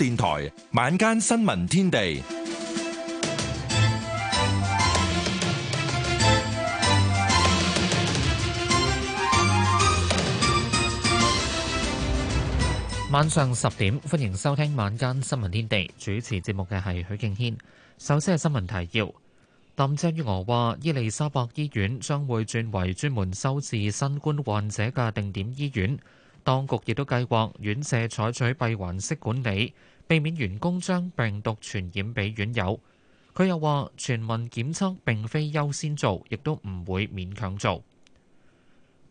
電台晚間新聞天地，晚上十點，歡迎收聽晚間新聞天地。主持節目嘅係許敬軒。首先係新聞提要。林鄭月娥話，伊利沙伯醫院將會轉為專門收治新冠患者嘅定點醫院。當局亦都計劃院舍採取閉環式管理，避免員工將病毒傳染俾院友。佢又話：全民檢測並非優先做，亦都唔會勉強做。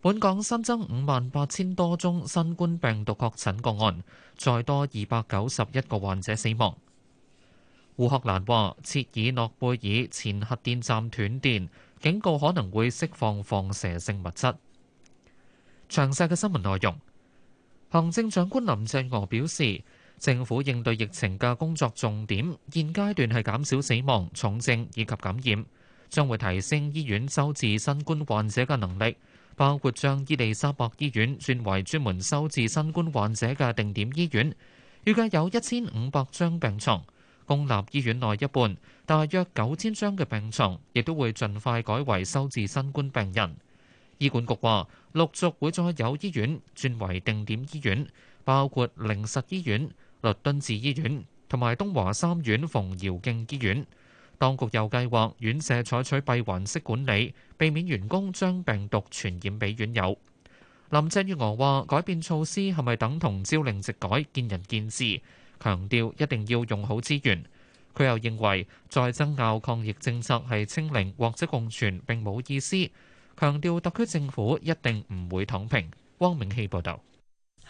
本港新增五萬八千多宗新冠病毒確診個案，再多二百九十一個患者死亡。烏克蘭話：切爾諾貝爾前核電站斷電，警告可能會釋放放射性物質。詳細嘅新聞內容。行政長官林鄭月娥表示，政府應對疫情嘅工作重點，現階段係減少死亡、重症以及感染，將會提升醫院收治新冠患者嘅能力，包括將伊利沙伯醫院轉為專門收治新冠患者嘅定點醫院，預計有一千五百張病床。公立醫院內一半，大約九千張嘅病床亦都會盡快改為收治新冠病人。醫管局話，陸續會再有醫院轉為定點醫院，包括靈實醫院、律敦治醫院同埋東華三院馮堯敬醫院。當局又計劃院舍採取閉環式管理，避免員工將病毒傳染俾院友。林鄭月娥話：改變措施係咪等同朝令夕改？見仁見智。強調一定要用好資源。佢又認為再爭拗抗疫政策係清零或者共存並冇意思。強調特區政府一定唔會躺平。汪明希報導。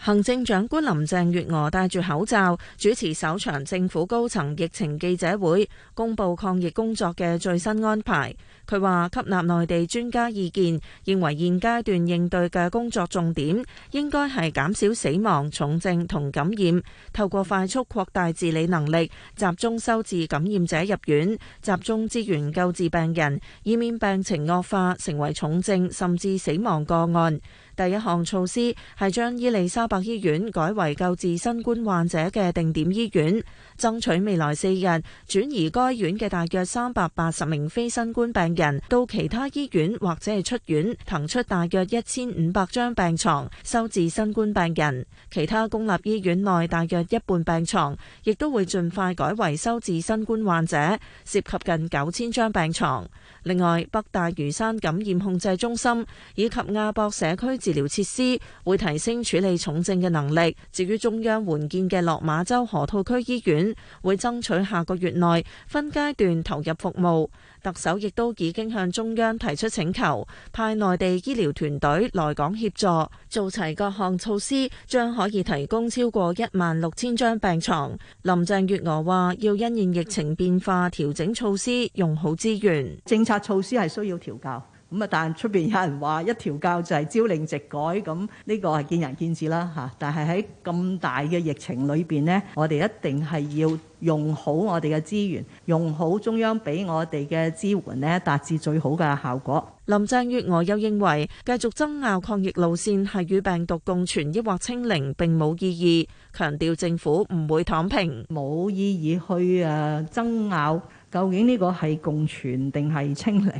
行政長官林鄭月娥戴住口罩，主持首場政府高層疫情記者會，公布抗疫工作嘅最新安排。佢話，吸納內地專家意見，認為現階段應對嘅工作重點應該係減少死亡、重症同感染，透過快速擴大治理能力，集中收治感染者入院，集中資源救治病人，以免病情惡化成為重症甚至死亡個案。第一項措施係將伊利沙伯醫院改為救治新冠患者嘅定點醫院，爭取未來四日轉移該院嘅大約三百八十名非新冠病人到其他醫院或者係出院，騰出大約一千五百張病床，收治新冠病人。其他公立醫院內大約一半病床亦都會盡快改為收治新冠患者，涉及近九千張病床。另外，北大嶼山感染控制中心以及亞博社區治療設施會提升處理重症嘅能力。至於中央援建嘅落馬洲河套區醫院，會爭取下個月內分階段投入服務。特首亦都已經向中央提出請求，派內地醫療團隊來港協助，做齊各項措施，將可以提供超過一萬六千張病床。林鄭月娥話：要因應疫情變化調整措施，用好資源，政策措施係需要調校。咁啊！但出邊有人話一條教就係朝令夕改，咁呢個係見仁見智啦嚇。但係喺咁大嘅疫情裏邊呢，我哋一定係要用好我哋嘅資源，用好中央俾我哋嘅支援呢，達至最好嘅效果。林鄭月娥又認為，繼續爭拗抗疫路線係與病毒共存抑或清零並冇意義，強調政府唔會躺平，冇意義去誒爭拗，究竟呢個係共存定係清零？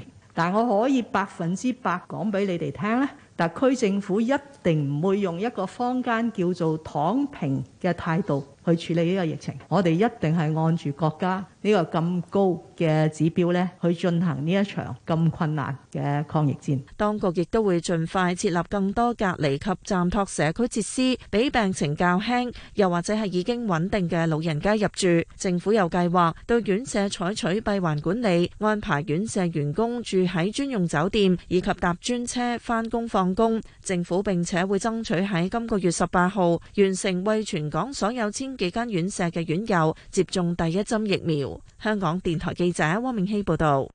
但我可以百分之百講俾你哋聽咧，但區政府一定唔會用一個坊間叫做躺平嘅態度。去處理呢個疫情，我哋一定係按住國家呢個咁高嘅指標呢去進行呢一場咁困難嘅抗疫戰。當局亦都會盡快設立更多隔離及暫托社區設施，俾病情較輕又或者係已經穩定嘅老人家入住。政府又計劃對院舍採取閉環管理，安排院舍員工住喺專用酒店以及搭專車返工放工。政府並且會爭取喺今個月十八號完成為全港所有千幾間院舍嘅院友接種第一針疫苗。香港電台記者汪明希報道。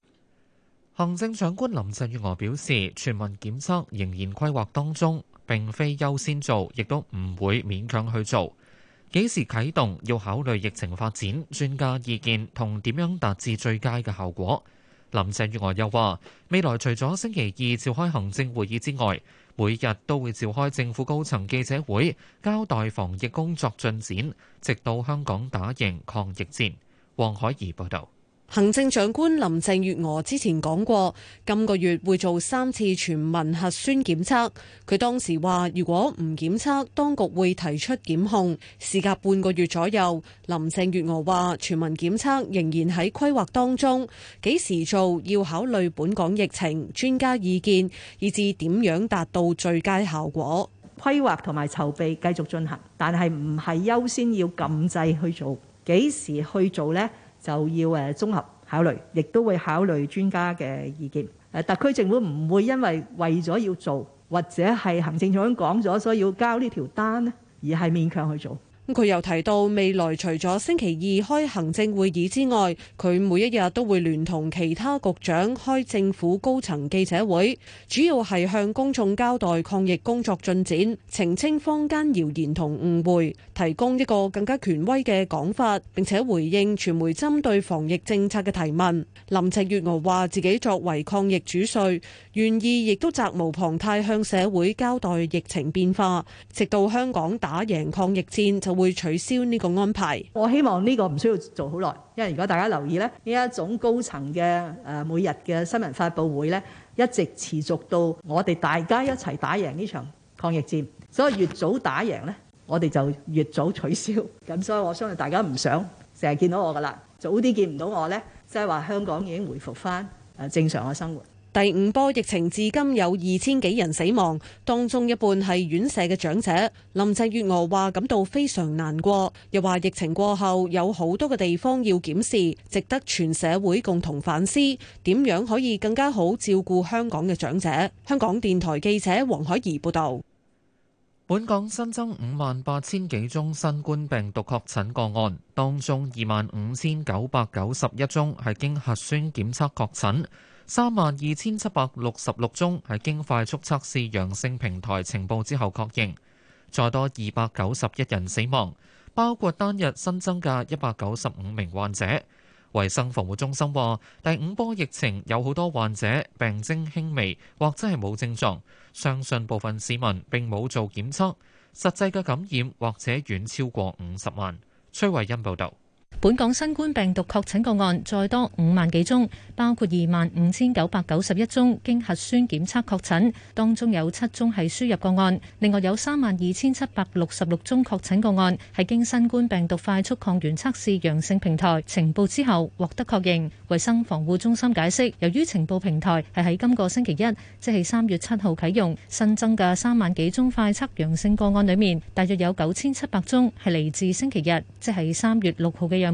行政長官林鄭月娥表示，全民檢測仍然規劃當中，並非優先做，亦都唔會勉強去做。幾時啟動要考慮疫情發展、專家意見同點樣達至最佳嘅效果。林鄭月娥又話：未來除咗星期二召開行政會議之外，每日都會召開政府高層記者會，交代防疫工作進展，直到香港打贏抗疫戰。黃海怡報導。行政長官林鄭月娥之前講過，今個月會做三次全民核酸檢測。佢當時話，如果唔檢測，當局會提出檢控。事隔半個月左右，林鄭月娥話，全民檢測仍然喺規劃當中，幾時做要考慮本港疫情專家意見，以至點樣達到最佳效果。規劃同埋籌備繼續進行，但係唔係優先要禁制去做？幾時去做呢？就要綜合考慮，亦都會考慮專家嘅意見。特區政府唔會因為為咗要做，或者係行政長官講咗，所以要交呢條單，而係勉強去做。佢又提到，未來除咗星期二開行政會議之外，佢每一日都會聯同其他局長開政府高層記者會，主要係向公眾交代抗疫工作進展、澄清坊間謠言同誤會，提供一個更加權威嘅講法，並且回應傳媒針對防疫政策嘅提問。林鄭月娥話自己作為抗疫主帥願意亦都責無旁貸向社會交代疫情變化，直到香港打贏抗疫戰就，會取消呢個安排。我希望呢個唔需要做好耐，因為如果大家留意呢，呢一種高層嘅誒每日嘅新聞發布會呢，一直持續到我哋大家一齊打贏呢場抗疫戰。所以越早打贏呢，我哋就越早取消。咁所以我相信大家唔想成日見到我㗎喇，早啲見唔到我呢，即係話香港已經回復翻誒正常嘅生活。第五波疫情至今有二千幾人死亡，當中一半係院舍嘅長者。林鄭月娥話感到非常難過，又話疫情過後有好多嘅地方要檢視，值得全社會共同反思，點樣可以更加好照顧香港嘅長者。香港電台記者黃海怡報道。本港新增五萬八千幾宗新冠病毒確診個案，當中二萬五千九百九十一宗係經核酸檢測確診。三萬二千七百六十六宗係經快速測試陽性平台情報，之後確認，再多二百九十一人死亡，包括單日新增嘅一百九十五名患者。衛生防護中心話，第五波疫情有好多患者病徵輕微，或者係冇症狀，相信部分市民並冇做檢測，實際嘅感染或者遠超過五十萬。崔慧欣報導。本港新冠病毒確診個案再多五萬幾宗，包括二萬五千九百九十一宗經核酸檢測確診，當中有七宗係輸入個案。另外有三萬二千七百六十六宗確診個案係經新冠病毒快速抗原測試陽性平台情報之後獲得確認，衛生防護中心解釋，由於情報平台係喺今個星期一，即係三月七號啟用，新增嘅三萬幾宗快測陽性個案裏面，大約有九千七百宗係嚟自星期日，即係三月六號嘅陽。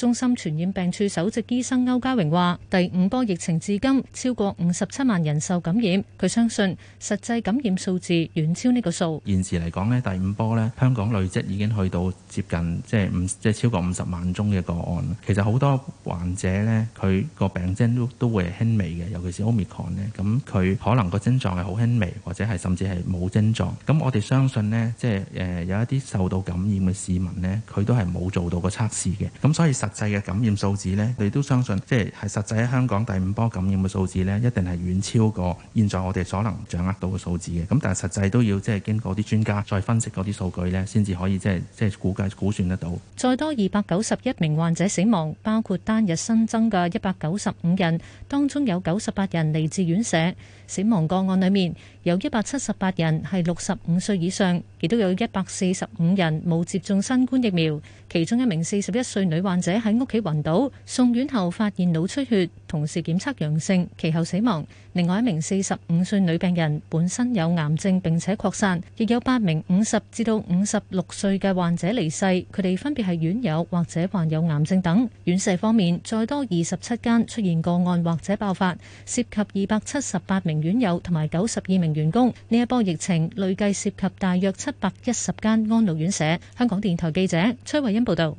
中心傳染病處首席醫生歐家榮話，第五波疫情至今超過五十七萬人受感染。佢相信實際感染數字遠超呢個數。現時嚟講呢，第五波呢，香港累積已經去到接近即係五即係超過五十萬宗嘅個案。其實好多患者呢，佢個病徵都都會係輕微嘅，尤其是 Omicron 呢，咁佢可能個症狀係好輕微，或者係甚至係冇症狀。咁我哋相信呢，即係誒、呃、有一啲受到感染嘅市民呢，佢都係冇做到個測試嘅。咁所以實實際嘅感染數字呢，你都相信即係係實際喺香港第五波感染嘅數字呢，一定係遠超過現在我哋所能掌握到嘅數字嘅。咁但係實際都要即係經過啲專家再分析嗰啲數據呢，先至可以即係即係估計估算得到。再多二百九十一名患者死亡，包括單日新增嘅一百九十五人，當中有九十八人嚟自院舍。死亡個案裏面，有一百七十八人係六十五歲以上，亦都有一百四十五人冇接種新冠疫苗。其中一名四十一歲女患者喺屋企暈倒，送院後發現腦出血，同時檢測陽性，其後死亡。另外一名四十五歲女病人本身有癌症並且擴散，亦有八名五十至到五十六歲嘅患者離世。佢哋分別係院友或者患有癌症等。院舍方面，再多二十七間出現個案或者爆發，涉及二百七十八名院友同埋九十二名員工，呢一波疫情累計涉及大約七百一十間安老院舍。香港電台記者崔慧欣報道。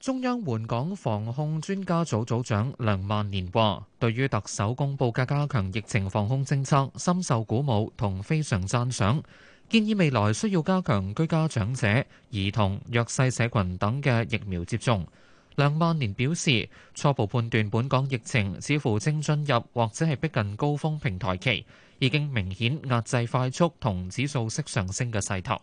中央援港防控專家組組長梁萬年話，對於特首公布嘅加強疫情防控政策，深受鼓舞同非常讚賞。建議未來需要加強居家長者、兒童、弱勢社群等嘅疫苗接種。梁萬年表示，初步判斷本港疫情似乎正進入或者係逼近高峰平台期，已經明顯壓制快速同指數式上升嘅勢頭。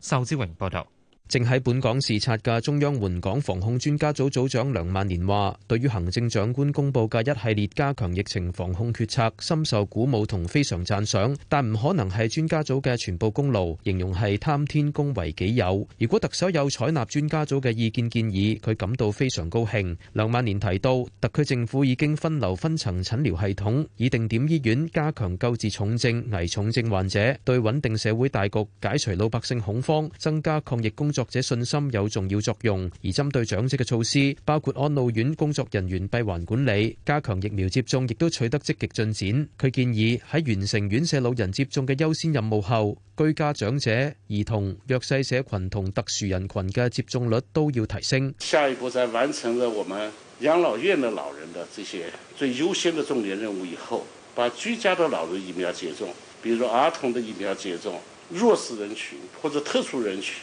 仇志榮報導。正喺本港視察嘅中央援港防控專家組組長梁萬年話，對於行政長官公布嘅一系列加強疫情防控決策，深受鼓舞同非常讚賞，但唔可能係專家組嘅全部功勞，形容係貪天功為己有。如果特首有採納專家組嘅意見建議，佢感到非常高興。梁萬年提到，特區政府已經分流分層診療系統，以定點醫院加強救治重症危重症患者，對穩定社會大局、解除老百姓恐慌、增加抗疫工。作者信心有重要作用，而針對長者嘅措施，包括安老院工作人員閉環管理、加強疫苗接種，亦都取得積極進展。佢建議喺完成院舍老人接種嘅優先任務後，居家長者、兒童、弱勢社群同特殊人群嘅接種率都要提升。下一步，在完成了我們養老院的老人的這些最優先的重點任務以後，把居家的老人疫苗接種，比如兒童的疫苗接種、弱勢人群或者特殊人群。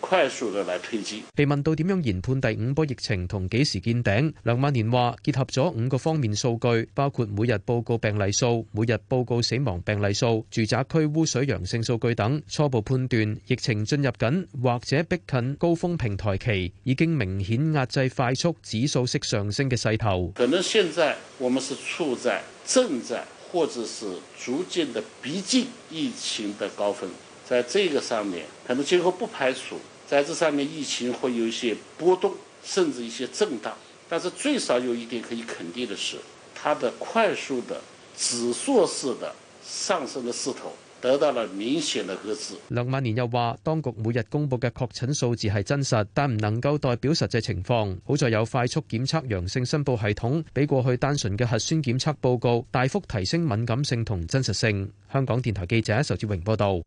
快速的來推進。被問到點樣研判第五波疫情同幾時見頂，梁萬年話結合咗五個方面數據，包括每日報告病例數、每日報告死亡病例數、住宅區污水陽性數據等，初步判斷疫情進入緊或者逼近高峰平台期，已經明顯壓制快速指數式上升嘅勢頭。可能現在我們是處在正在或者是逐漸的逼近疫情的高峰。在這個上面，可能今後不排除在這上面疫情會有一些波動，甚至一些震蕩。但是最少有一點可以肯定的是，它的快速的指數式的上升的勢頭得到了明顯的遏制。梁萬年又話，當局每日公布嘅確診數字係真實，但唔能夠代表實際情況。好在有快速檢測陽性申報系統，比過去單純嘅核酸檢測報告大幅提升敏感性同真實性。香港電台記者仇志榮報道。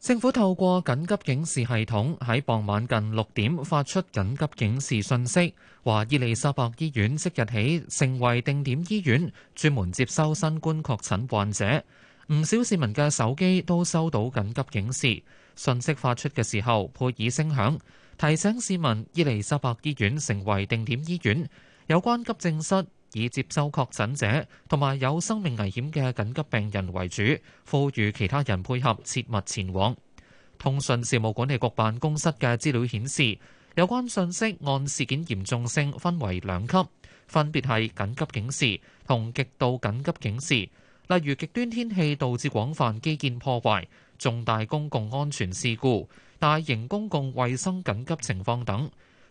政府透過緊急警示系統喺傍晚近六點發出緊急警示訊息，話伊利沙伯醫院即日起成為定點醫院，專門接收新冠確診患者。唔少市民嘅手機都收到緊急警示訊息，發出嘅時候配以聲響，提醒市民伊利沙伯醫院成為定點醫院，有關急症室。以接收確診者同埋有生命危險嘅緊急病人為主，呼籲其他人配合切勿前往。通訊事務管理局辦公室嘅資料顯示，有關訊息按事件嚴重性分為兩級，分別係緊急警示同極度緊急警示。例如極端天氣導致廣泛基建破壞、重大公共安全事故、大型公共衛生緊急情況等。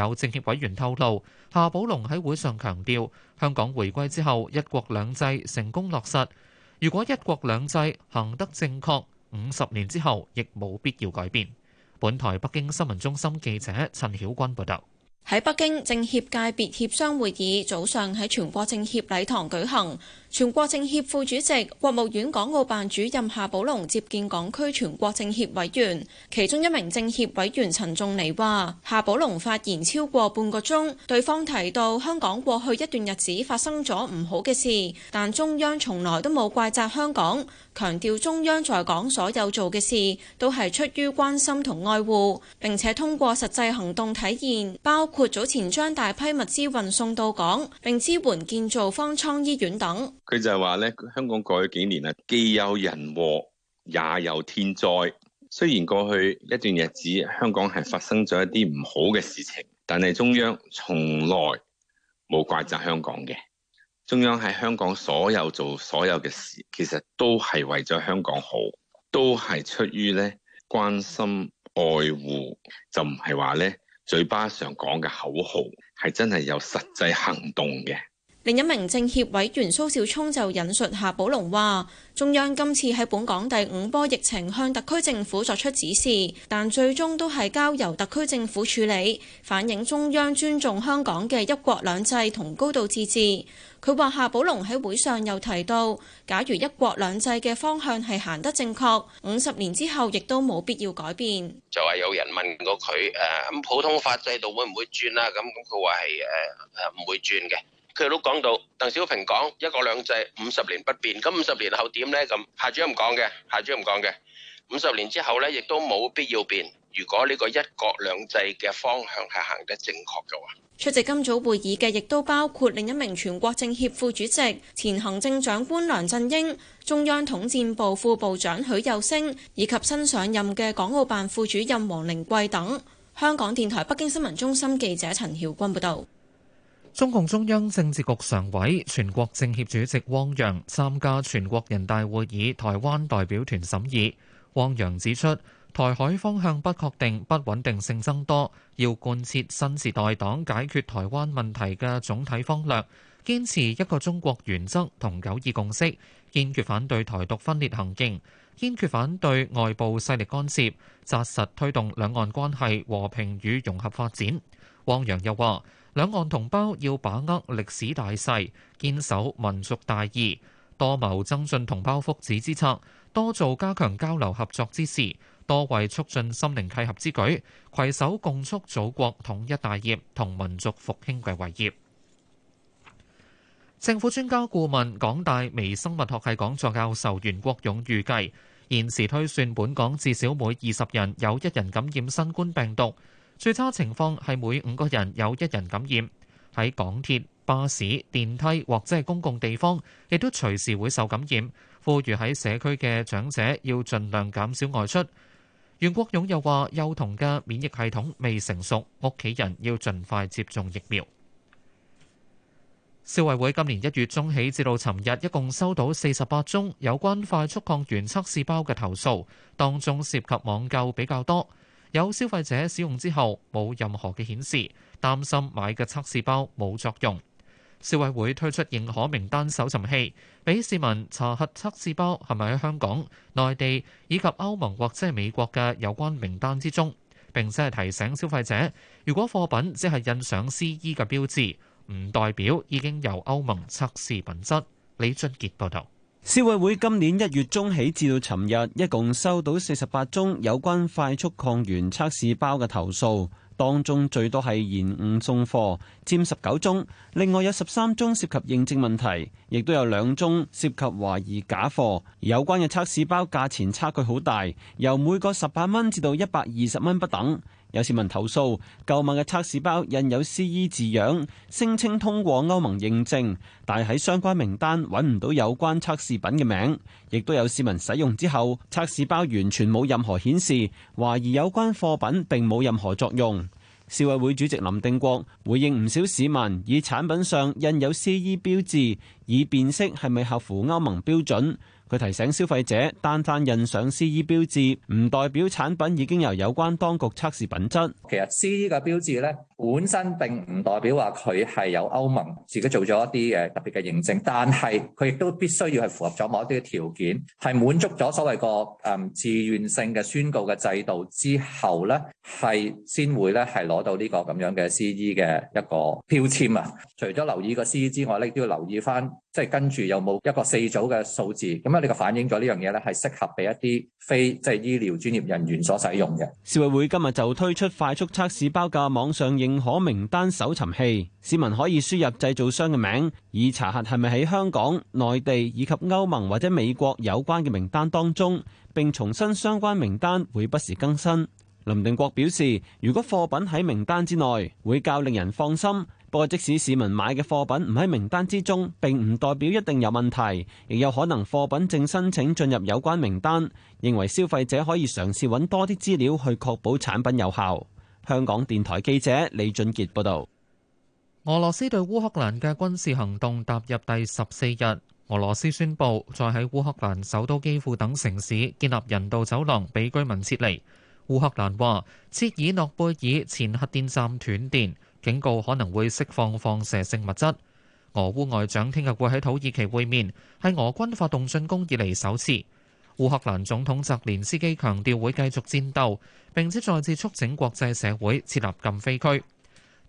有政協委員透露，夏寶龍喺會上強調，香港回歸之後一國兩制成功落實，如果一國兩制行得正確，五十年之後亦冇必要改變。本台北京新聞中心記者陳曉君報道。喺北京政協界別協商會議早上喺全國政協禮堂舉行。全國政協副主席、國務院港澳辦主任夏寶龍接見港區全國政協委員，其中一名政協委員陳仲尼話：夏寶龍發言超過半個鐘，對方提到香港過去一段日子發生咗唔好嘅事，但中央從來都冇怪責香港，強調中央在港所有做嘅事都係出於關心同愛護，並且通過實際行動體現，包括早前將大批物資運送到港，並支援建造方艙醫院等。佢就係話咧，香港過去幾年啊，既有人禍，也有天災。雖然過去一段日子香港係發生咗一啲唔好嘅事情，但係中央從來冇怪責香港嘅。中央喺香港所有做所有嘅事，其實都係為咗香港好，都係出於咧關心愛護，就唔係話咧嘴巴上講嘅口號，係真係有實際行動嘅。另一名政協委員蘇少聰就引述夏寶龍話，中央今次喺本港第五波疫情向特區政府作出指示，但最終都係交由特區政府處理，反映中央尊重香港嘅一國兩制同高度自治。佢話夏寶龍喺會上又提到，假如一國兩制嘅方向係行得正確，五十年之後亦都冇必要改變，就話有人問過佢誒，咁普通法制度會唔會轉啦，咁咁佢話，係誒誒，唔會轉嘅。佢都講到，鄧小平講一國兩制五十年不變，咁五十年後點呢？咁夏主任唔講嘅，夏主任唔講嘅。五十年之後呢，亦都冇必要變。如果呢個一國兩制嘅方向係行得正確嘅話，出席今早會議嘅亦都包括另一名全國政協副主席、前行政長官梁振英、中央統戰部副部長許又聲，以及新上任嘅港澳辦副主任王靈桂等。香港電台北京新聞中心記者陳曉君報導。中共中央政治局常委、全國政協主席汪洋參加全國人大會議台灣代表團審議。汪洋指出，台海方向不確定、不穩定性增多，要貫徹新時代黨解決台灣問題嘅總體方略，堅持一個中國原則同九二共識，堅決反對台獨分裂行徑，堅決反對外部勢力干涉，紮實推動兩岸關係和平與融合發展。汪洋又話：兩岸同胞要把握歷史大勢，堅守民族大義，多謀增進同胞福祉之策，多做加強交流合作之事，多為促進心靈契合之舉，攜手共促祖國統一大業同民族復興嘅偉業。政府專家顧問、港大微生物學系講座教授袁國勇預計，現時推算本港至少每二十人有一人感染新冠病毒。最差情況係每五個人有一人感染，喺港鐵、巴士、電梯或者係公共地方，亦都隨時會受感染。呼籲喺社區嘅長者要盡量減少外出。袁國勇又話：幼童嘅免疫系統未成熟，屋企人要盡快接種疫苗。消 委會今年一月中起至到尋日，一共收到四十八宗有關快速抗原測試包嘅投訴，當中涉及網購比較多。有消費者使用之後冇任何嘅顯示，擔心買嘅測試包冇作用。消委會推出認可名單搜尋器，俾市民查核測試包係咪喺香港、內地以及歐盟或者係美國嘅有關名單之中。並且係提醒消費者，如果貨品只係印上 CE 嘅標誌，唔代表已經由歐盟測試品質。李俊傑報導。消委會今年一月中起至到尋日，一共收到四十八宗有關快速抗原測試包嘅投訴，當中最多係延誤送貨，佔十九宗；另外有十三宗涉及認證問題，亦都有兩宗涉及懷疑假貨。有關嘅測試包價錢差距好大，由每個十八蚊至到一百二十蚊不等。有市民投訴，購物嘅測試包印有 CE 字樣，聲稱通過歐盟認證，但喺相關名單揾唔到有關測試品嘅名，亦都有市民使用之後，測試包完全冇任何顯示，懷疑有關貨品並冇任何作用。消委會主席林定國回應唔少市民，以產品上印有 CE 標誌，以辨識係咪合乎歐盟標準。佢提醒消費者，單單印上 CE 標誌唔代表產品已經由有關當局測試品質。其實 CE 嘅標誌咧，本身並唔代表話佢係有歐盟自己做咗一啲誒特別嘅認證，但係佢亦都必須要係符合咗某一啲嘅條件，係滿足咗所謂個誒自願性嘅宣告嘅制度之後咧，係先會咧係攞到呢個咁樣嘅 CE 嘅一個標籤啊。除咗留意個 CE 之外，咧都要留意返，即係跟住有冇一個四組嘅數字咁。咁呢個反映咗呢樣嘢咧，係適合俾一啲非即係醫療專業人員所使用嘅。消委會今日就推出快速測試包嘅網上認可名單搜尋器，市民可以輸入製造商嘅名，以查核係咪喺香港、內地以及歐盟或者美國有關嘅名單當中。並重申相關名單會不時更新。林定國表示，如果貨品喺名單之內，會較令人放心。不過，即使市民買嘅貨品唔喺名單之中，並唔代表一定有問題，亦有可能貨品正申請進入有關名單。認為消費者可以嘗試揾多啲資料去確保產品有效。香港電台記者李俊傑報導。俄羅斯對烏克蘭嘅軍事行動踏入第十四日。俄羅斯宣布再喺烏克蘭首都基輔等城市建立人道走廊，俾居民撤離。烏克蘭話，切爾諾貝爾前核電站斷電。警告可能會釋放放射性物質。俄烏外長聽日會喺土耳其會面，係俄軍發動進攻以嚟首次。烏克蘭總統澤連斯基強調會繼續戰鬥，並且再次促請國際社會設立禁飛區。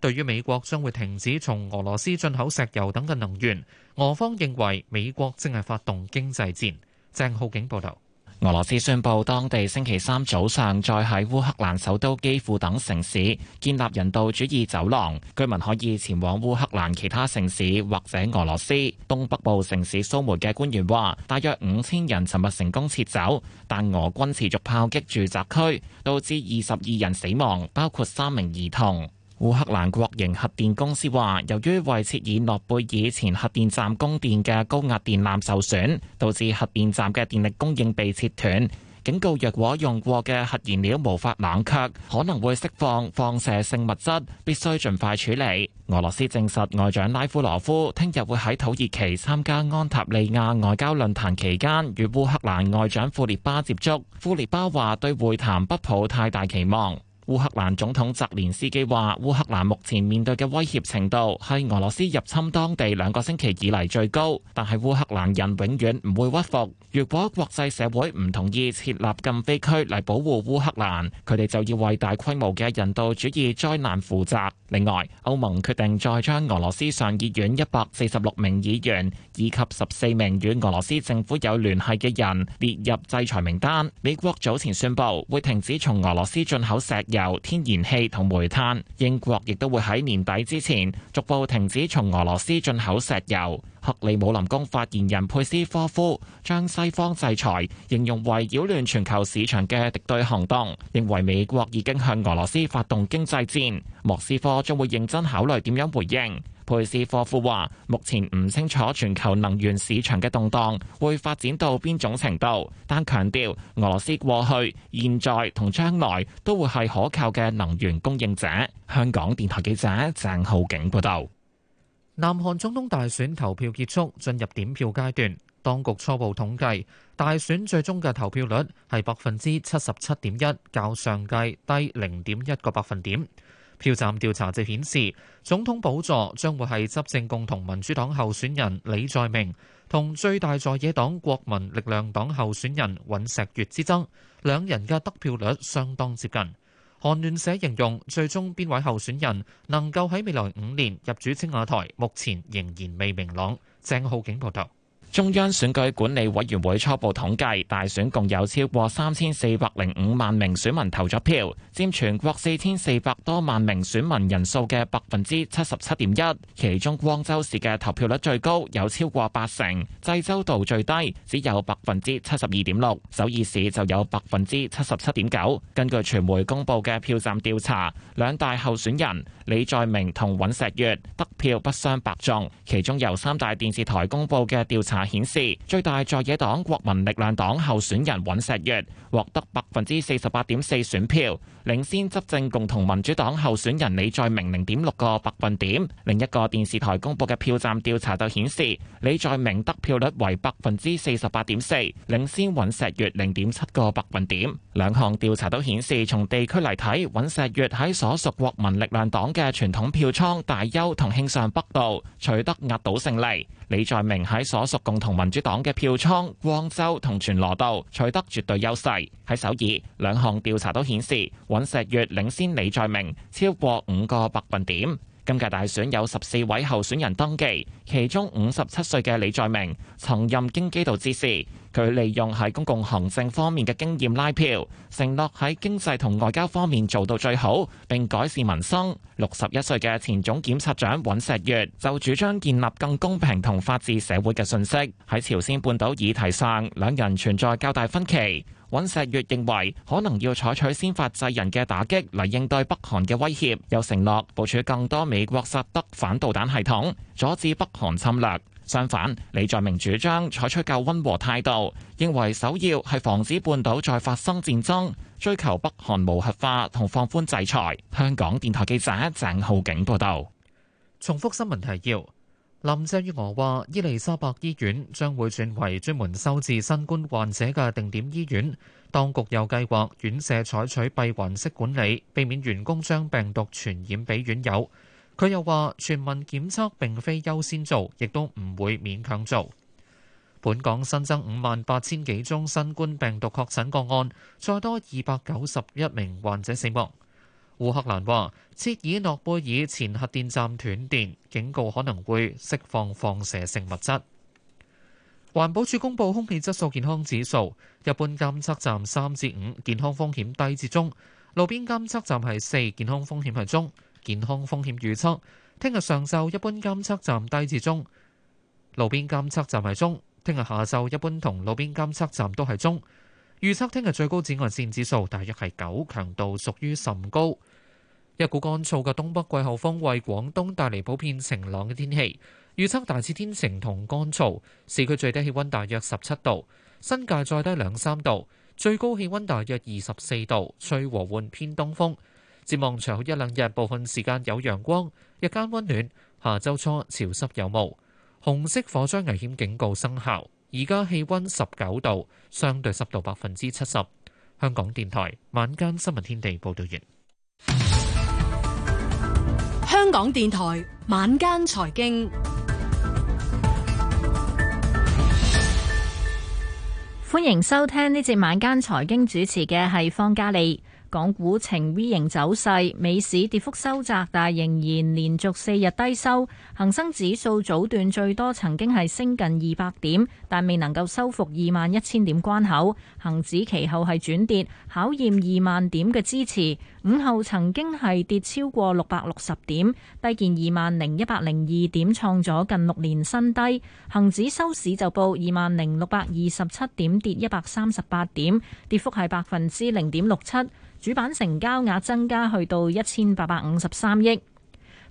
對於美國將會停止從俄羅斯進口石油等嘅能源，俄方認為美國正係發動經濟戰。鄭浩景報導。俄羅斯宣佈，當地星期三早上再喺烏克蘭首都基輔等城市建立人道主義走廊，居民可以前往烏克蘭其他城市或者俄羅斯，東北部城市蘇梅嘅官員話，大約五千人尋日成功撤走，但俄軍持續炮擊住宅區，導致二十二人死亡，包括三名兒童。烏克蘭國營核電公司話，由於為切爾諾貝爾前核電站供電嘅高壓電纜受損，導致核電站嘅電力供應被切斷。警告：若果用過嘅核燃料無法冷卻，可能會釋放放射性物質，必須盡快處理。俄羅斯證實，外長拉夫羅夫聽日會喺土耳其參加安塔利亞外交論壇期間，與烏克蘭外長庫列巴接觸。庫列巴話：對會談不抱太大期望。烏克蘭總統澤連斯基話：烏克蘭目前面對嘅威脅程度係俄羅斯入侵當地兩個星期以嚟最高，但係烏克蘭人永遠唔會屈服。如果國際社會唔同意設立禁飛區嚟保護烏克蘭，佢哋就要為大規模嘅人道主義災難負責。另外，歐盟決定再將俄羅斯上議院一百四十六名議員以及十四名與俄羅斯政府有聯繫嘅人列入制裁名單。美國早前宣布會停止從俄羅斯進口石油。油、天然氣同煤炭，英國亦都會喺年底之前逐步停止從俄羅斯進口石油。克里姆林宮發言人佩斯科夫將西方制裁形容為擾亂全球市場嘅敵對行動，認為美國已經向俄羅斯發動經濟戰，莫斯科將會認真考慮點樣回應。佩斯科夫話：目前唔清楚全球能源市場嘅動盪會發展到邊種程度，但強調俄羅斯過去、現在同將來都會係可靠嘅能源供應者。香港電台記者鄭浩景報道。南韓總統大選投票結束，進入點票階段。當局初步統計，大選最終嘅投票率係百分之七十七點一，較上屆低零點一個百分點。票站調查就顯示，總統寶座將會係執政共同民主黨候選人李在明同最大在野黨國民力量黨候選人尹錫悅之爭，兩人嘅得票率相當接近。韓聯社形容，最終邊位候選人能夠喺未來五年入主青瓦台，目前仍然未明朗。鄭浩景報道。中央選舉管理委員會初步統計大選共有超過三千四百零五萬名選民投咗票，佔全國四千四百多萬名選民人數嘅百分之七十七點一。其中光州市嘅投票率最高，有超過八成；濟州道最低，只有百分之七十二點六。首爾市就有百分之七十七點九。根據傳媒公佈嘅票站調查，兩大候選人李在明同尹錫悅得票不相伯仲，其中由三大電視台公佈嘅調查。顯示最大在野黨國民力量黨候選人尹錫悅獲得百分之四十八點四選票。領先執政共同民主黨候選人李在明零點六個百分點。另一個電視台公布嘅票站調查就顯示，李在明得票率為百分之四十八點四，領先尹錫悅零點七個百分點。兩項調查都顯示，從地區嚟睇，尹錫悅喺所屬國民力量黨嘅傳統票倉大邱同慶尚北道取得壓倒勝利。李在明喺所屬共同民主黨嘅票倉光州同全羅道取得絕對優勢。喺首爾，兩項調查都顯示尹。尹石月領先李在明超過五個百分點。今屆大選有十四位候選人登記，其中五十七歲嘅李在明曾任京畿道知事。佢利用喺公共行政方面嘅經驗拉票，承諾喺經濟同外交方面做到最好，並改善民生。六十一歲嘅前總檢察長尹石月就主張建立更公平同法治社會嘅信息。喺朝鮮半島議題上，兩人存在較大分歧。尹石月認為可能要採取先發制人嘅打擊嚟應對北韓嘅威脅，又承諾部署更多美國薩德反導彈系統，阻止北韓侵略。相反，李在明主張採取較溫和態度，認為首要係防止半島再發生戰爭，追求北韓無核化同放寬制裁。香港電台記者鄭浩景報道。重複新聞提要。林鄭月娥話，伊利沙伯醫院將會轉為專門收治新冠患者嘅定點醫院。當局又計劃院舍採取閉環式管理，避免員工將病毒傳染俾院友。佢又話，全民檢測並非優先做，亦都唔會勉強做。本港新增五萬八千幾宗新冠病毒確診個案，再多二百九十一名患者死亡。烏克蘭話切爾諾貝爾前核電站斷電，警告可能會釋放放射性物質。環保署公布空氣質素健康指數，一般監測站三至五，健康風險低至中；路邊監測站係四，健康風險係中。健康風險預測：聽日上晝一般監測站低至中，路邊監測站係中；聽日下晝一般同路邊監測站都係中。預測聽日最高紫外線指數大約係九，強度屬於甚高。一股乾燥嘅東北季候風為廣東帶嚟普遍晴朗嘅天氣，預測大致天晴同乾燥，市區最低氣温大約十七度，新界再低兩三度，最高氣温大約二十四度，吹和緩偏東風。展望隨後一兩日，部分時間有陽光，日間温暖。下周初潮濕有霧，紅色火災危險警告生效。而家氣溫十九度，相對濕度百分之七十。香港電台晚間新聞天地報道完。香港電台晚間財經，歡迎收聽呢節晚間財經，主持嘅係方嘉莉。港股呈 V 型走勢，美市跌幅收窄，但仍然連續四日低收。恒生指數早段最多曾經係升近二百點，但未能夠收復二萬一千點關口。恒指其後係轉跌，考驗二萬點嘅支持。午後曾經係跌超過六百六十點，低見二萬零一百零二點，創咗近六年新低。恒指收市就報二萬零六百二十七點，跌一百三十八點，跌幅係百分之零點六七。主板成交額增加去到一千八百五十三億，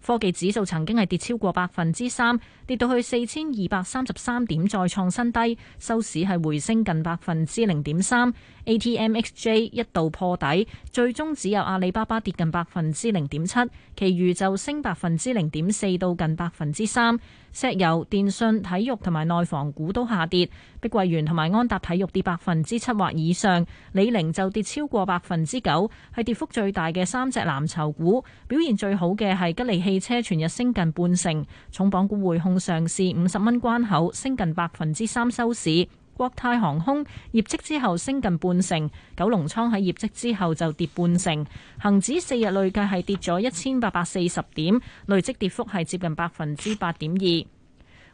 科技指數曾經係跌超過百分之三。跌到去四千二百三十三點，再創新低，收市係回升近百分之零點三。ATMXJ 一度破底，最終只有阿里巴巴跌近百分之零點七，其餘就升百分之零點四到近百分之三。石油、電信、體育同埋內房股都下跌，碧桂園同埋安踏體育跌百分之七或以上，李寧就跌超過百分之九，係跌幅最大嘅三隻藍籌股。表現最好嘅係吉利汽車，全日升近半成。重磅股匯控。上市五十蚊關口升近百分之三收市，國泰航空業績之後升近半成，九龍倉喺業績之後就跌半成，恒指四日累計係跌咗一千八百四十點，累積跌幅係接近百分之八點二。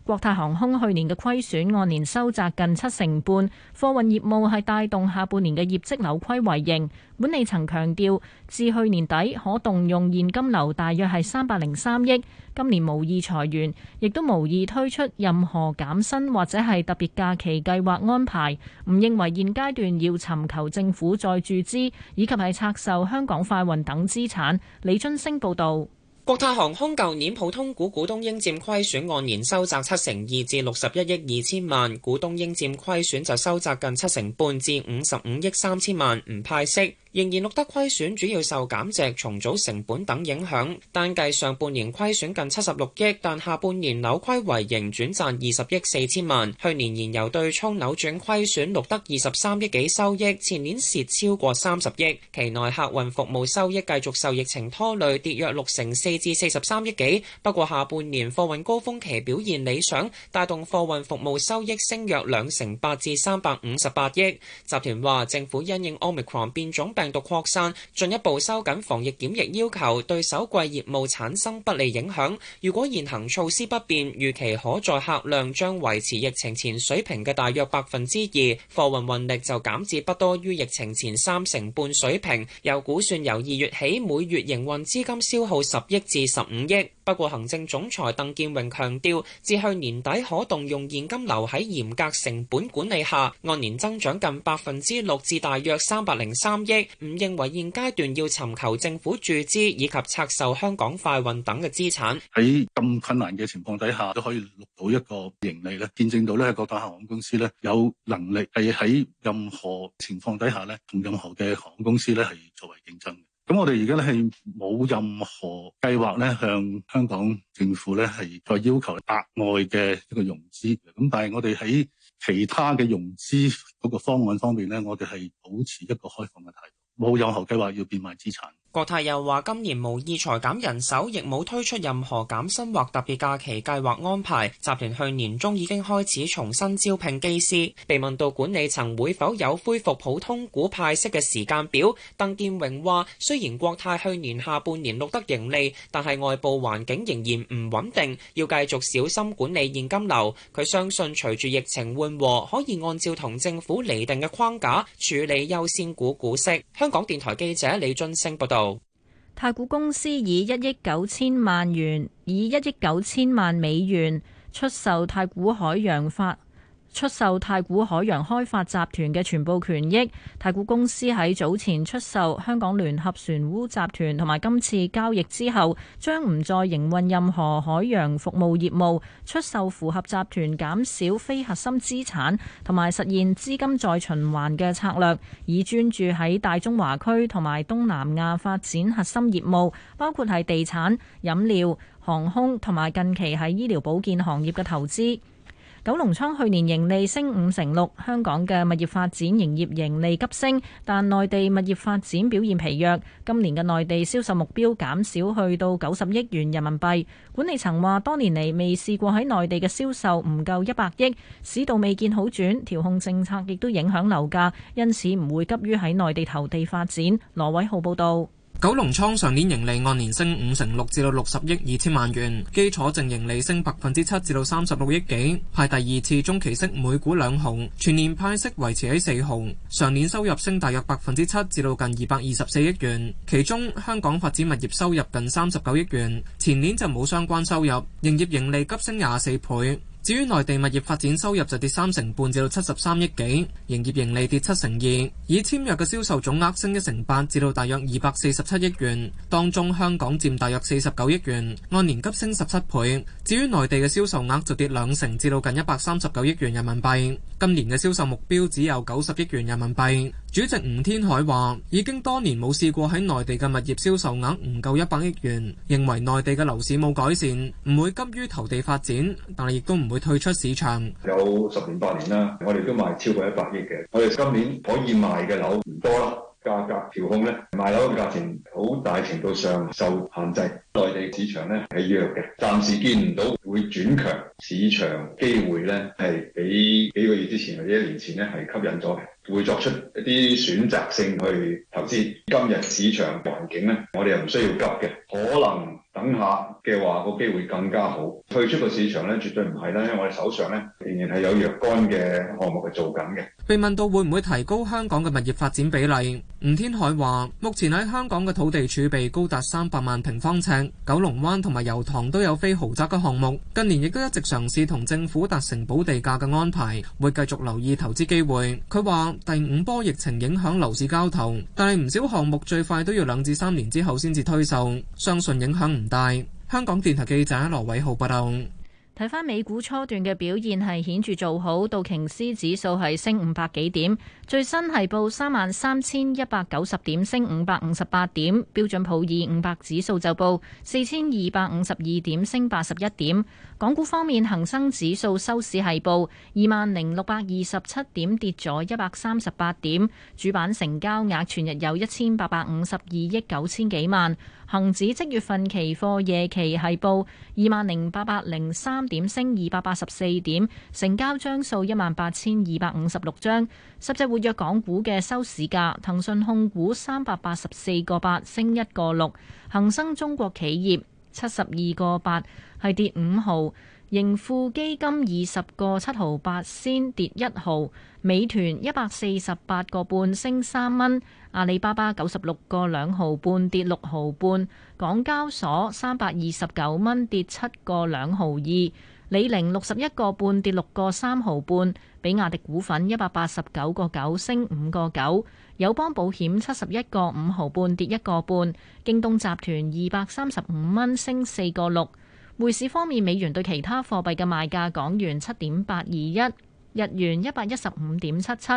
國泰航空去年嘅虧損按年收窄近七成半，貨運業務係帶動下半年嘅業績扭虧為盈。管理層強調，至去年底可動用現金流大約係三百零三億，今年無意裁員，亦都無意推出任何減薪或者係特別假期計劃安排。唔認為現階段要尋求政府再注資，以及係拆售香港快運等資產。李津升報道。國泰航空舊年普通股股東應佔虧損按年收窄七成二至六十一億二千萬，股東應佔虧損就收窄近七成半至五十五億三千萬，唔派息。仍然錄得虧損，主要受減值、重組成本等影響。單計上半年虧損近七十六億，但下半年扭虧為盈，轉賺二十億四千萬。去年燃油對沖扭轉虧損，錄得二十三億幾收益，前年蝕超過三十億。期內客運服務收益繼續受疫情拖累，跌約六成四至四十三億幾。不過下半年貨運高峰期表現理想，帶動貨運服務收益升約兩成八至三百五十八億。集團話政府因應奧密克戎變種病病毒擴散，進一步收緊防疫檢疫要求，對首季業務產生不利影響。如果現行措施不變，預期可載客量將維持疫情前水平嘅大約百分之二，貨運運力就減至不多於疫情前三成半水平。又估算由二月起每月營運資金消耗十億至十五億。不過，行政總裁鄧建榮強調，至去年底可動用現金流喺嚴格成本管理下，按年增長近百分之六至大約三百零三億。唔認為現階段要尋求政府注資以及拆售香港快運等嘅資產。喺咁困難嘅情況底下，都可以錄到一個盈利咧，見證到咧各大航空公司咧有能力係喺任何情況底下咧同任何嘅航空公司咧係作為競爭嘅，咁我哋而家咧係冇任何計劃咧向香港政府咧係再要求額外嘅一個融資。咁但係我哋喺其他嘅融資嗰個方案方面咧，我哋係保持一個開放嘅態度。冇任何計劃要變賣資產。國泰又話今年無意裁減人手，亦冇推出任何減薪或特別假期計劃安排。集團去年中已經開始重新招聘機師。被問到管理層會否有恢復普通股派息嘅時間表，鄧建榮話：雖然國泰去年下半年錄得盈利，但係外部環境仍然唔穩定，要繼續小心管理現金流。佢相信隨住疫情緩和，可以按照同政府釐定嘅框架處理優先股股息。香港電台記者李俊升報道。太古公司以一億九千萬元，以一億九千萬美元出售太古海洋法。出售太古海洋開發集團嘅全部權益。太古公司喺早前出售香港聯合船塢集團同埋今次交易之後，將唔再營運任何海洋服務業務，出售符合集團減少非核心資產同埋實現資金再循環嘅策略，以專注喺大中華區同埋東南亞發展核心業務，包括係地產、飲料、航空同埋近期喺醫療保健行業嘅投資。九龍倉去年盈利升五成六，香港嘅物業發展營業盈利急升，但內地物業發展表現疲弱。今年嘅內地銷售目標減少去到九十億元人民幣，管理層話多年嚟未試過喺內地嘅銷售唔夠一百億，市道未見好轉，調控政策亦都影響樓價，因此唔會急於喺內地投地發展。羅偉浩報道。九龍倉上年盈利按年升五成六，至到六十億二千萬元，基礎淨盈利升百分之七，至到三十六億幾，派第二次中期息每股兩毫，全年派息維持喺四毫。上年收入升大約百分之七，至到近二百二十四億元，其中香港發展物業收入近三十九億元，前年就冇相關收入，營業盈利急升廿四倍。至於內地物業發展收入就跌三成半，至到七十三億幾，營業盈利跌七成二，已簽約嘅銷售總額升一成八，至到大約二百四十七億元，當中香港佔大約四十九億元，按年急升十七倍。至於內地嘅銷售額就跌兩成，至到近一百三十九億元人民幣，今年嘅銷售目標只有九十億元人民幣。主席吳天海話：已經多年冇試過喺內地嘅物業銷售額唔夠一百億元，認為內地嘅樓市冇改善，唔會急於投地發展，但係亦都唔會退出市場。有十年八年啦，我哋都賣超過一百億嘅，我哋今年可以賣嘅樓唔多啦。價格調控呢，賣樓嘅價錢好大程度上受限制。內地市場呢係弱嘅，暫時見唔到會轉強，市場機會呢係比幾個月之前或者一年前呢係吸引咗嘅，會作出一啲選擇性去投資。今日市場環境呢，我哋又唔需要急嘅，可能等下，嘅話，個機會更加好退出個市場呢，絕對唔係啦。因為我哋手上呢仍然係有若干嘅項目去做緊嘅。被問到會唔會提高香港嘅物業發展比例，吳天海話：目前喺香港嘅土地儲備高達三百萬平方尺，九龍灣同埋油塘都有非豪宅嘅項目。近年亦都一直嘗試同政府達成補地價嘅安排，會繼續留意投資機會。佢話第五波疫情影響樓市交投，但係唔少項目最快都要兩至三年之後先至推售，相信影響唔大。香港電台記者羅偉浩報道。睇翻美股初段嘅表現係顯著做好，道瓊斯指數係升五百幾點，最新係報三萬三千一百九十點，升五百五十八點。標準普爾五百指數就報四千二百五十二點，升八十一點。港股方面，恒生指數收市係報二萬零六百二十七點，跌咗一百三十八點。主板成交額全日有一千八百五十二億九千幾萬。恒指即月份期貨夜期係報二萬零八百零三點，升二百八十四點，成交張數一萬八千二百五十六張。十隻活躍港股嘅收市價，騰訊控股三百八十四個八，升一個六；恒生中國企業七十二個八，係跌五毫。盈富基金二十個七毫八仙跌一毫，美團一百四十八個半升三蚊，阿里巴巴九十六個兩毫半跌六毫半，港交所三百二十九蚊跌七個兩毫二，李寧六十一個半跌六個三毫半，比亞迪股份一百八十九個九升五個九，友邦保險七十一個五毫半跌一個半，京東集團二百三十五蚊升四個六。匯市方面，美元對其他貨幣嘅賣價：港元七點八二一，日元一百一十五點七七，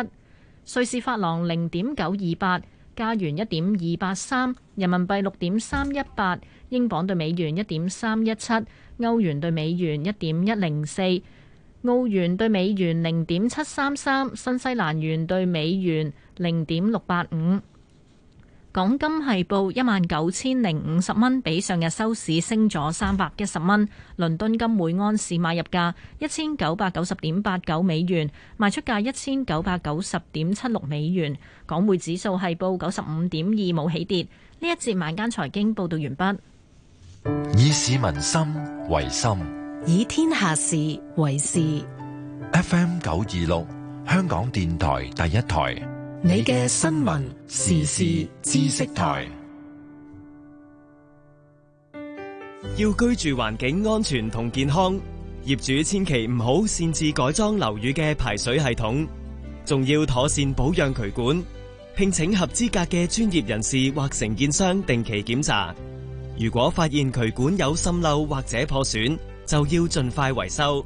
瑞士法郎零點九二八，加元一點二八三，人民幣六點三一八，英鎊對美元一點三一七，歐元對美元一點一零四，澳元對美元零點七三三，新西蘭元對美元零點六八五。港金係報一萬九千零五十蚊，比上日收市升咗三百一十蚊。倫敦金每安士買入價一千九百九十點八九美元，賣出價一千九百九十點七六美元。港匯指數係報九十五點二，冇起跌。呢一節晚間財經報道完畢。以市民心為心，以天下事為事。FM 九二六，香港電台第一台。你嘅新聞時事知識台，要居住環境安全同健康，業主千祈唔好擅自改裝樓宇嘅排水系統，仲要妥善保養渠管，聘請合資格嘅專業人士或承建商定期檢查。如果發現渠管有滲漏或者破損，就要盡快維修。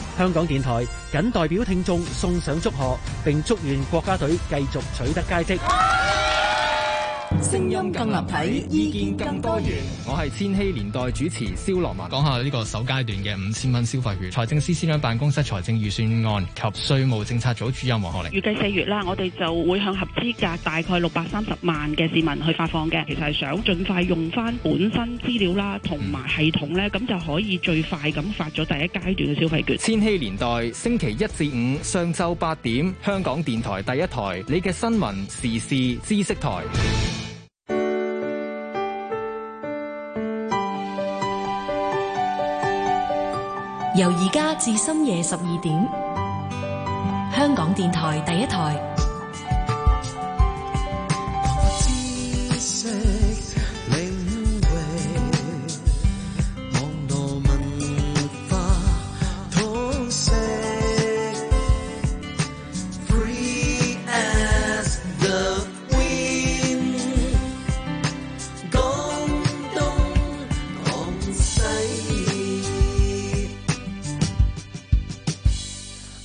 香港電台謹代表聽眾送上祝賀，並祝願國家隊繼續取得佳績。聲音更立體，意見更多元。我係千禧年代主持蕭樂文，講下呢個首階段嘅五千蚊消費券。財政司司長辦公室財政預算案及稅務政策組主任黃學玲預計四月啦，我哋就會向合資格大概六百三十萬嘅市民去發放嘅。其實係想盡快用翻本身資料啦，同埋系統咧，咁、嗯、就可以最快咁發咗第一階段嘅消費券。千禧年代星期一至五上晝八點，香港電台第一台，你嘅新聞時事知識台。由而家至深夜十二點，香港電台第一台。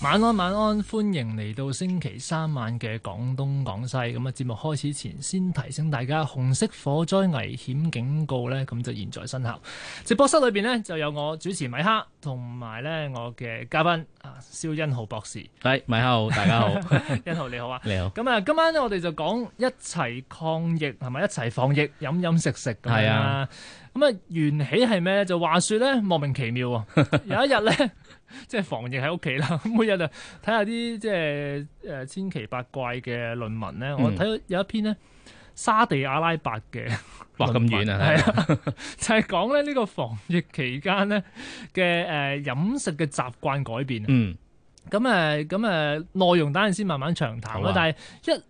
晚安，晚安！歡迎嚟到星期三晚嘅廣東廣西咁啊！節目開始前先提醒大家，紅色火災危險警告呢，咁就現在生效。直播室裏邊呢，就有我主持米克同埋呢我嘅嘉賓啊蕭欣浩博士。係、哎、米克好，大家好， 欣浩你好啊，你好。咁啊 好，今晚呢，我哋就講一齊抗疫，係咪一齊防疫、飲飲食食咁啊？咁啊，緣起係咩咧？就話説咧，莫名其妙喎， 有一日咧，即係防疫喺屋企啦，每日就睇下啲即係誒千奇百怪嘅論文咧。嗯、我睇到有一篇咧，沙地阿拉伯嘅，哇咁遠啊，係啊，就係講咧呢個防疫期間咧嘅誒飲食嘅習慣改變啊。嗯。咁誒，咁誒內容等陣先慢慢長談啦。啊、但係一。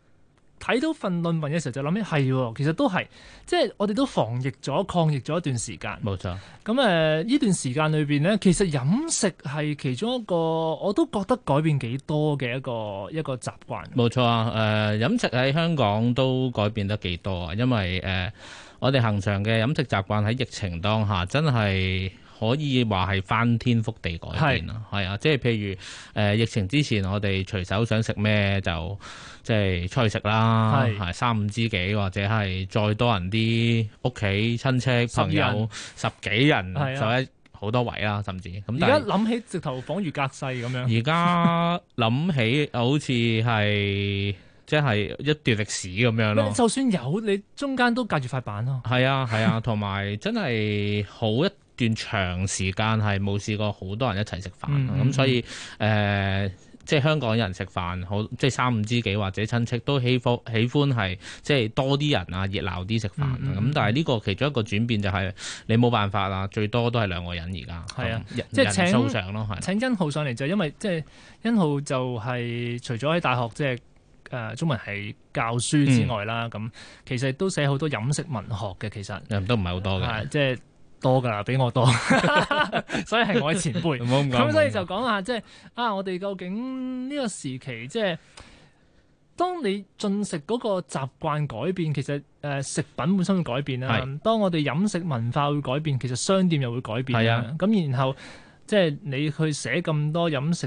睇到份論文嘅時候就諗起係喎，其實都係，即係我哋都防疫咗、抗疫咗一段時間。冇錯。咁誒，呢、呃、段時間裏邊咧，其實飲食係其中一個我都覺得改變幾多嘅一個一個習慣。冇錯啊，誒、呃，飲食喺香港都改變得幾多啊，因為誒、呃，我哋恒常嘅飲食習慣喺疫情當下真係，可以話係翻天覆地改變咯，係啊，即係譬如誒、呃、疫情之前，我哋隨手想食咩就即係出去食啦，係三五知己或者係再多人啲屋企親戚朋友 12 人 十幾人就一好多位啦，甚至咁。而家諗起直頭恍如隔世咁樣。而家諗起好似係即係一段歷史咁樣咯。 就算有，你中間都隔住塊板咯。係啊係啊，同埋真係好一。段長時間係冇試過好多人一齊食飯，咁所以誒，即係香港人食飯，好即係三五知己或者親戚都喜歡喜歡係即係多啲人啊，熱鬧啲食飯。咁但係呢個其中一個轉變就係你冇辦法啦，最多都係兩個人而家。係啊，即係請請恩浩上嚟就因為即係恩浩就係除咗喺大學即係誒中文係教書之外啦，咁其實都寫好多飲食文學嘅，其實都唔係好多嘅，即係。多噶，比我多， 所以係我嘅前輩。咁 所以就講下，即係啊，我哋究竟呢個時期，即係當你進食嗰個習慣改變，其實誒食品本身會改變啦。是當我哋飲食文化會改變，其實商店又會改變。係啊，咁然後即係你去寫咁多飲食。